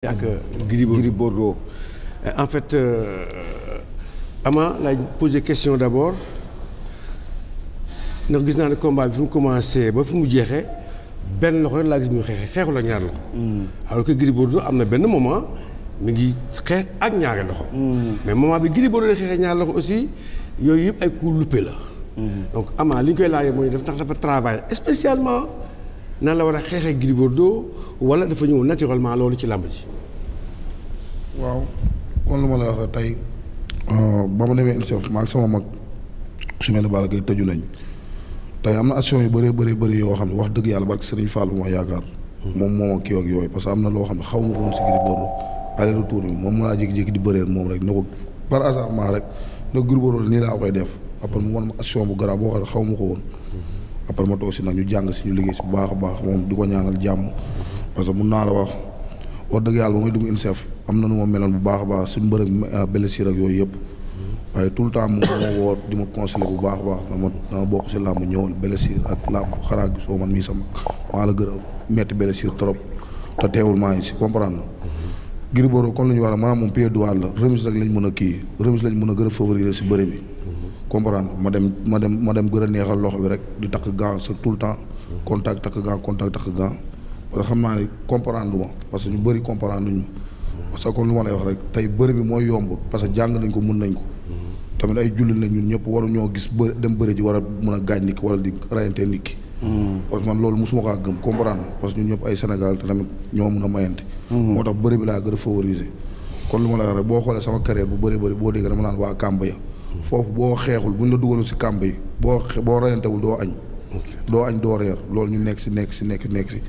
ak euh, Gris Gris en fait euh, Ama laay posé question d'abord ndax gis naa ne combat bi fi mu commencé ba fi mu jeexee benn loxo rek laa gis muy xeexee xeexu la ñaar loxo. Mm. alors que Gris Bordeaux am na benn moment mu ngi xeex ak ñaari loxo. Mm. mais moment bi Gris Bordeaux xeexee ñaar loxo aussi yooyu yëpp ay coups loupés la. Mm. donc Ama li ñu koy laajee mooy def tax dafa travail spécialement. nan la war a xeexee Gris Bordeaux wala dafa ñëw naturellement loolu ci làmb ji. waaw kon lu ma la wax rek tey euh, ba ma demee INSEF maag sama mag su mel ne Balla Gaye tëju nañ tey am na action yu bëree bëri bëri yoo xam ne wax dëgg yàlla ba Serigne Fall bu ma yaakaar. moom moom ak yooyu parce que am na loo xam ne xaw ma ko woon si Gris Bordeaux aller retour bi moom mën naa jékki-jékki di bëreel moom rek ne ko par hasard rek ne Gris Bordeaux nii laa koy def après mu wan ma bu garaaw xaw ma ko woon. après moo tax aussi nag ñu jàng si ñu liggéey si bu baax a baax moom di ko ñaanal jàmm parce que mun naa la wax wax dëgg yàlla ba muy dugg INSEF am na nu ma meloon bu baax a baax suñu mbërëg euh, blessure ak yooyu yëpp waaye tout le temps mu ma woo di ma conseiller bu baax a baax dama dama bokk si làmb ñëwal blessure ak làmb xaraa gisoo man mii sama maa la gën a metti blessure trop te teewul maa ngi si comprendre Gris Bordeaux kon la ñu war a maanaam moom pied droit la remise lañ mën a kii remise lañ mën a gën a favoriser si bëri bi comprendre ma dem ma dem ma dem gën a neexal loxo bi rek di takk gant c'est tout le temps contact takk gant contact takk gant parce que xam naa ne comprendre ma parce que ñu bëri comprendre ñu ma parce que kon lu ma rek tey bëri bi mooy yombul parce que jàng nañ ko mën nañ ko tamit ay jullit nañ ñun ñëpp waru ñoo gis bëri dem bëri ji war a a gaañ nit wala di rayante nit ki parce que man loolu mosuma kaa gëm comprendre parce ay Sénégal te tamit ñoo mun a mayante moo tax bëri bi laa gën a favoriser kon lu ma lay wax rek boo xoolee sama carrière bu bëri bëri boo dégg dama naan waa Kamba foofu boo xeexul buñ la dugalul si kàmb yi boo xe boo reyantewul doo añ. doo añ doo reer lool ñu nekk si nekk si nekk si nekk si.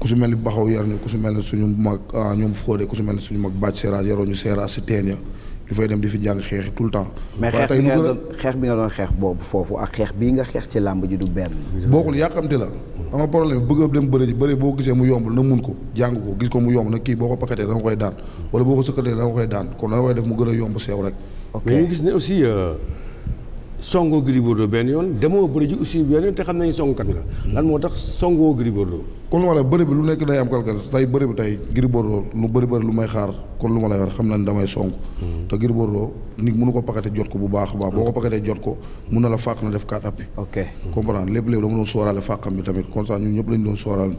ku su mel ni baxaw yar ñu ku su mel ni suñu mag ah, ñoom fóode ku su mel ni suñu mag bàcc seeraas yaroo ñu seeraas si teen ya di fay dem di fi jàng xeex tout le temps. mais xeex bi nga doon xeex boobu foofu ak xeex bii nga xeex ci làmb ji du benn. bokkul yàqamti la. ama problème bëgg a dem bëri boo gisee mu yombul na mun ko jàng ko gis ko mu yomb nag kii boo ko pakatee da nga koy daan wala boo ko sëkkatee da koy daan kon da nga def mu gën a yomb seew rek. mais gis ne aussi. Euh, songoo Gris Bordeaux benn yoon demoo bëri ji aussi benn yoon te xam nañu songkat nga. lan moo tax songoo Gris Bordeaux. kon lu ma la bëri bi lu nekk day am calcul tey bëri bi tey Gris Bordeaux lu bëri bëri lu may xaar kon lu ma la yor xam na ne damay song. Hmm. te Gris Bordeaux nit mënu ko pakate jot ko bu baax a baax boo ko pakatee jot ko mun na la fàq na def quatre appuis. ok comprendre lépp lépp dama doon sóoraale fàqam bi tamit comme ça ñun ñëpp lañu doon sóoraale.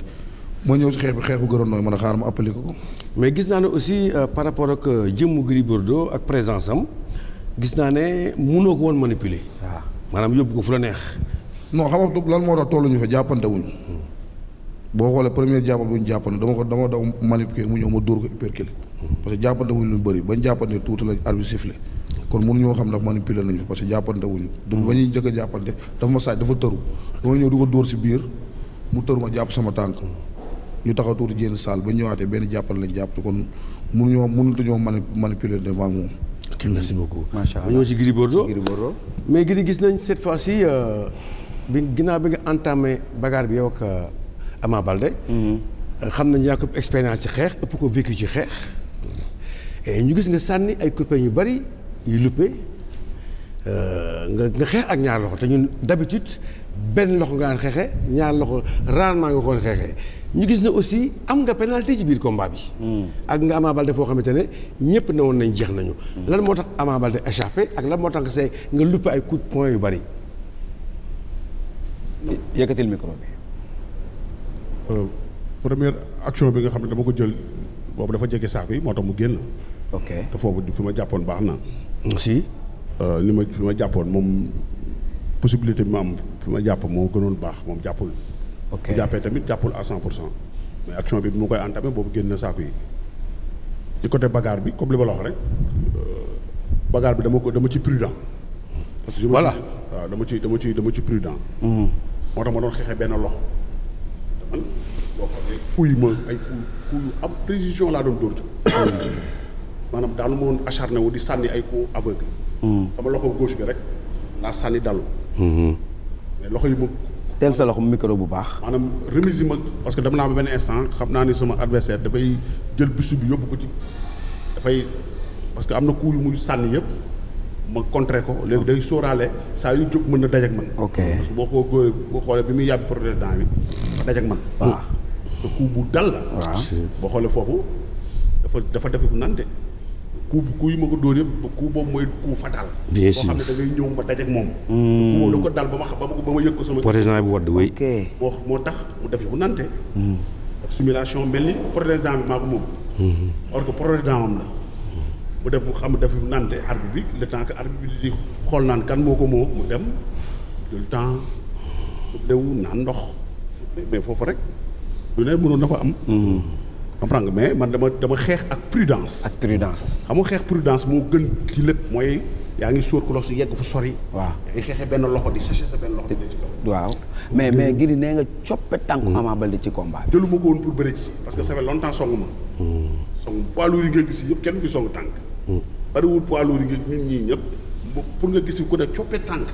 ma ñëw si xeex bi xeex bu gënoon nooy a xaar ma appeler ko. mais gis naa ne aussi euh, par rapport ak euh, jëmmu Gris Bordeaux ak présence am gis naa ne mënoo ko woon manipuler. waaw ah. maanaam yóbbu ko fu la neex. noo xam nga lan moo tax ñu fa jàppante wu hmm. boo xoolee première jàppal bu ñu jàppante dama ko dama daw manipuler mu ñëw ma dóor ko hypercule. Hmm. que jàppante wuñu lu bëri bañ jàppante tuuti la arbitre sifflé kon mënuñoo xam ndax manipuler nañu parce que jàppante wuñu. ñu ba ñuy njëkk a jàppante dafa ma saaj dafa tëru. dama ñëw du ko dóor si biir mu tëru ma jàpp sama tànk. Hmm. ñu taxaw tuuti jénn saal ba ñëwaatee benn jàppal lañ jàpp kon mënuñoo mënut a ñoo manipuler de maag moom ok merci beaucoup. macha allah ma ñëw ci Gris mais Gris gis nañ cette fois ci euh, bi ginnaaw bi nga entamé bagarre bi yow ak euh, Ama Balde. Mm-hmm. Euh, xam nañ yaa ko expérience ci xeex ëpp ko vécu ci xeex. ñu gis nga sànni ay coupé yu bari yu luppe nga nga xeex ak ñaar loxo te ñun d'habitude benn loxo nga daan ñaar loxo rarement nga ko doon xeexee. ñu gis ne aussi am nga pénalité ci biir combat bi. Hmm. ak nga Ama Baldé foo xamante ne ñëpp ne woon nañ jeex nañu. Hmm. lan moo tax Ama Baldé échappé ak lan moo tax say nga luppe ay coup de yu bari. yëkkatil micro bi. Euh, première action bi nga xam ne dama ko jël boobu dafa jege saako yi moo tax mu génn. ok te foofu fi ma jàppoon baax na. si. Euh, li ma fi ma jàppoon moom possibilité bi am fi ma jàpp moo gënoon baax moom jàppul. bu jàppee tamit jàppul à cent pour cent mais action bi bi mu koy entamé boobu génn na saako yi côté bagarre bi comme li ma rek euh, bagarre bi dama ko dama ci prudent parce que voilà dama ci dama ci dama ci prudent mm-hmm. moo tax ma doon benn loxo man boo xoolee kuy ma doon maanaam daanu ma woon acharné wu di sànni ay coups aveugle mm-hmm. sama rek sànni dalu mm-hmm. mais loxo yi ma teel sa loxo micro bu baax. maanaam remise yi ma parce que dem naa ba benn instant xam naa ni sama adversaire dafay jël bisu bi yóbbu ko ci dafay parce que am na coup yu muy sànni yëpp ma contrer ko léegi day sóoraale saa yu jóg mën na daj ak man. ok parce boo xoo góoyee xoolee bi muy yàbbi projet dent bi daj ak man. waaw te coup dal la. waaw boo xoolee foofu dafa dafa def fu nante coup coup yi ma ko dóor yëpp coup boobu mooy coup fatal. bien sûr boo xam ne da ñëw ma dajeeg moom. Hmm. coup boobu da ko dal ba ma xam ba ma ba ma yëg ko sama. président bi wadd wéy. moo tax mu def lu nante. Hmm. def bi maa ko hmm. que président am la. xam def lu nante arbitre bi le temps que arbitre bi xool naan kan moo ko moo mu dem mais foofu rek lu ne mënoon na fa am. comprendre nga mais man dama dama xeex ak prudence. ak prudence. xam nga xeex prudence moo gën ci lépp mooy yaa ngi sóor ku lox si yegg fu sori. waaw yaa ngi benn loxo di sachet sa benn loxo di ci kaw. waaw mais mais ngir nee nga coppe tànku hmm. Ama Baldé ci combat bi. jëluma ko woon pour bëri ci parce que ça fait longtemps song ma. Hmm. song poids lourd yi nga gis yëpp kenn fi song tànk. Hmm. bariwul poids yi nga ñun ñii ñëpp pour nga gis ku ne coppe tànk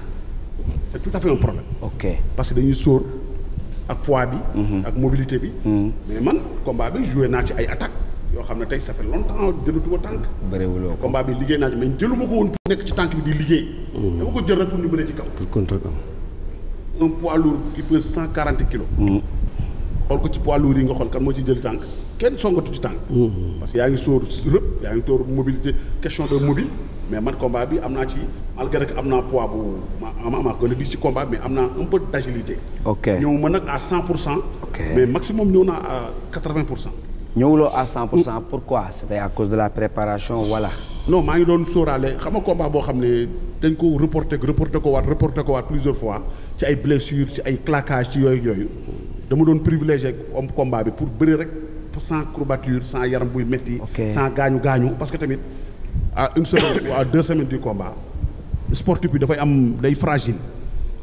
c'est tout à fait un problème. ok parce que dañuy sóor. ak pois bi. Mhm. ak mobilité bi. Mhm. mais man combat bi joué naa ci ay attaque yoo xam ne tey ça fait longtemps jëlatuma tànk. bëriwuloo combat bi liggéey naa ci mais jëluma ko woon pour nekk ci tànk bi di liggéey. Mhm. dama ko jël rek pour ñu bëree ci kaw. pour contact am. un poids lourd qui cent quarante kilos. xool ko ci poids lourd yi nga xool kan moo ci jël tànk kenn songatu ci tànk. parce que yaa ngi sóor rëpp yaa ngi tóor mobilité question de mobile. mais man combat bi am naa ci malgré am naa poids bu ma ma gën a diis ci combat mais am naa un peu agilité. ok ñëw ma nag à 100 pour cent. mais maximum ñëw naa à 80 pour cent. ñëwuloo à 100 pour cent pourquoi c' était à cause de la préparation voilà. non maa ngi doon sóoraale xam nga combat boo xam ne dañ ko reporté reporté ko waat reporté ko waat plusieurs fois ci ay blessures ci ay claquages ci yooyu yooyu dama doon privilégié om combat bi pour bëri rek sans courbature cent yaram buy métti. sans gaañu parce que tamit. à une semaine ou à deux semaines du combat sportif bi dafay am day fragile.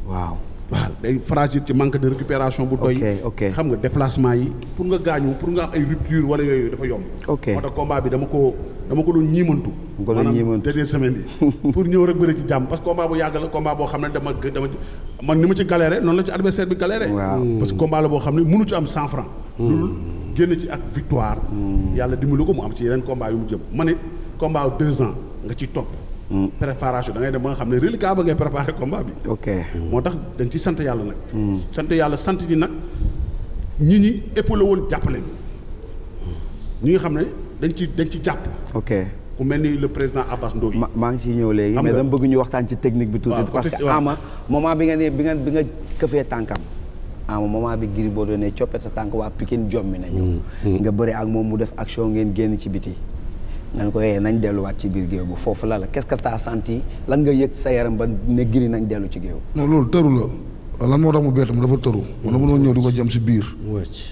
waaw waaw day fragile ci manque de récupération bu doy. ok xam nga déplacement yi. pour nga gaañu pour nga am ay rupture wala yooyu dafa yomb. ok moo tax combat bi dama ko dama ko doon ñiimantu. ko doon ñiimantu maanaam dernière semaine yi. pour ñëw rek bëri ci jàmm parce que combat bu yàgg la combat boo xam ne dama dama man ni ma ci galéré noonu la ci adversaire bi galéré. Hmm. parce que la boo xam ne mënu ci am cent franc. Hmm. loolu ci ak victoire. Hmm. yàlla dimbali ko mu am ci yeneen combat yu mu jëm ma ne. combat wu deux ans nga ci topp. Mm. préparation da ngay dem ba nga xam ne reliquat ba ngay préparer combat bi. ok moo tax dañ ci sant yàlla nag. Mm. sant yàlla sant ñi nag ñi ñi épaulé woon jàppale ñi nga xam ne dañ ci dañ ci jàpp. ok ku mel ni le président Abbas Ndoye. ma maa ngi ciy ñëw léegi. mais dama bëgg ñu waxtaan ci technique bi. tuuti parce que ama moment bi nga ne bi nga bi nga këfee tànkam. ama moment bi Gris boo doonee coppet sa tànk waa Pikine jommi nañu. Mm, nga bëri ak moom mu def action ngeen génn ci biti. nañ ko yee nañ delluwaat ci biir géew bu foofu la la qu'est-ce que t'as senti lan nga yëg sa yaram ba ne giri nañ dellu ci géew non loolu tëru la lan moo tax mu beetam dafa tëru man dama doon ñëw di ko jëm si biir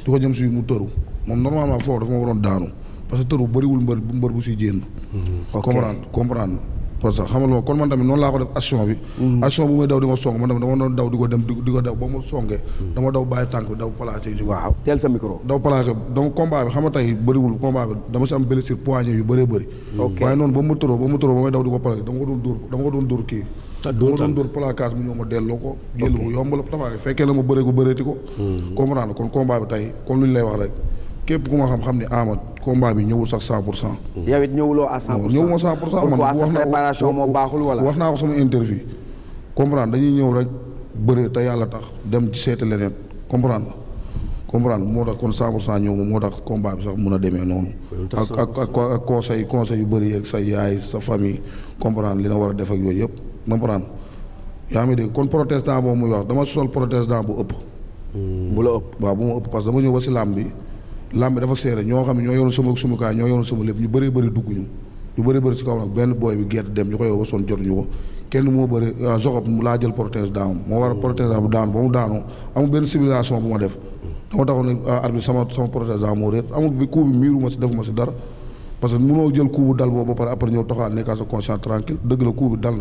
di ko jëm si biir mu tëru moom normalement foofu dafa ma waroon daanu parce que tëru bëriwul mbër mbër bu siy jénn mm-hmm. comprendre comprendre parce que xamal ma kon man tamit noonu laa ko def action bi. Mm-hmm. action bu may daw di ma song man tamit dama doon daw di ko dem di ko daw ba mu songee. Mm-hmm. dama daw bàyyi tànk bi daw plaqué dama ko doon dóor kii. dama doon dóor placage bi ñëw ma delloo ko. ok jël bu yomb la tabaare fekkee la ma bëree ko bëreeti ko. Mm-hmm. comprendre kon combat bi tey kon luñ lay wax rek képp ku ma xam xam ne Ama combat bi ñëwul sax 100 pour cent. yow it ñëwuloo à 100 pour cent ñëwuma 100 pour cent man wax naa préparation moo baaxul wala. ko sama interview comprendre dañuy ñëw rek bëre te yàlla tax dem ci seeti leneen comprendre comprendre moo tax kon 100 pour ñëw moo tax combat mun a demee noonu. ak ak ak conseil conseil yu bëri yeeg sa yaay sa famille comprendre li na war a def ak yooyu yëpp comprendre yaa ngi de kon protestant boobu muy wax dama sol protestant bu ëpp. Hmm. bu la ëpp waaw bu ma ëpp parce que dama ñëw ba si làmb bi. làmb dafa seere ñoo xam ne ñoo yoroon sama sumukaay ñoo yoroon sama lépp ñu bëree bëri dugg ñu ñu bëree bëri ci moo bëri ah, laa jël protège daaw moo war a protège daaw daan ba mu daanu def dama taxoon ne ah, arbitre sama sama protège ma si defuma si dara parce que na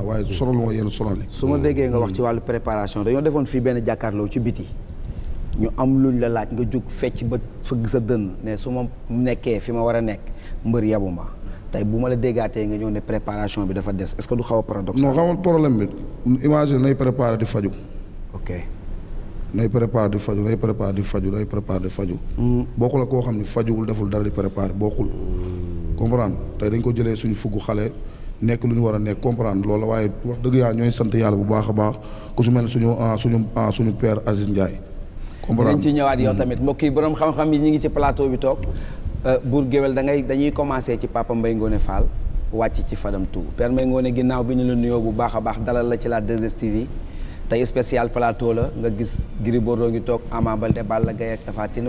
waaye sonal ma yenn sonal yi su ma déggee nga wax ci wàllu préparation dañoo defoon fii benn jàkkaarloo ci biti ñu am lu ñu la laaj nga jóg fecc ba fëgg sa dënn ne su ma nekkee fi ma war a nekk mbër yabu ma tey bu ma la déggaatee nga ñëw ne préparation bi dafa des est-ce que du xaw a paradoxe. non xamal problème bi imagine nay préparé di faju ok nay préparé di faju nay préparé di faju nay préparé di faju mm. koo xam ne fajuwul deful dara di préparé bokkul comprendre tey dañ ko jëlee suñu fugg xale nekk lu ñu war a nekk comprendre loolu waaye wax dëgg yàlla ñooy sant yàlla bu baax a baax ku su mel suñu ah, suñu ah, suñu père Aziz Ndiaye dinañ ci ñëwaat yow mm. tamit mbokk yi borom xam-xam yi ñu ngi ci plateau bi toog euh, buur géwél da ngay dañuy commencé ci papa Mbaye Ngoné Fall wàcc ci Fadam tout per Mbaye Ngoné ginnaaw bi ñu la nuyoo bu baax a baax dalal la ci la 2STV tey spécial plateau la nga gis Gris Bordeaux ngi toog Ama Baldé Balla Gaye ak Tapha Tine